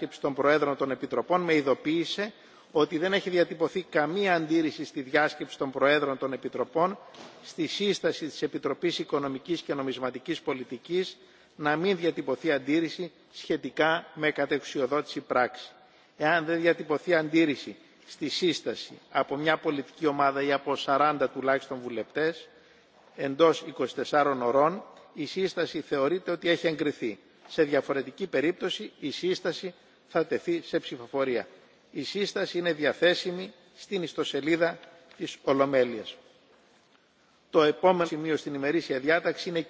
διάσκεψη των Προέδρων των Επιτροπών με ειδοποίησε ότι δεν έχει διατυπωθεί καμία αντίρρηση στη διάσκεψη των Προέδρων των Επιτροπών στη σύσταση της Επιτροπής Οικονομικής και Νομισματικής Πολιτικής να μην διατυπωθεί αντίρρηση σχετικά με κατεξιοδότηση πράξη. Εάν δεν διατυπωθεί αντίρρηση στη σύσταση από μια πολιτική ομάδα ή από 40 τουλάχιστον βουλευτές εντός 24 ωρών, η σύσταση θεωρείται ότι έχει εγκριθεί. Σε διαφορετική περίπτωση η σύσταση θα τεθεί σε ψηφοφορία. Η σύσταση είναι διαθέσιμη στην ιστοσελίδα της Ολομέλειας. Το επόμενο σημείο στην ημερήσια διάταξη είναι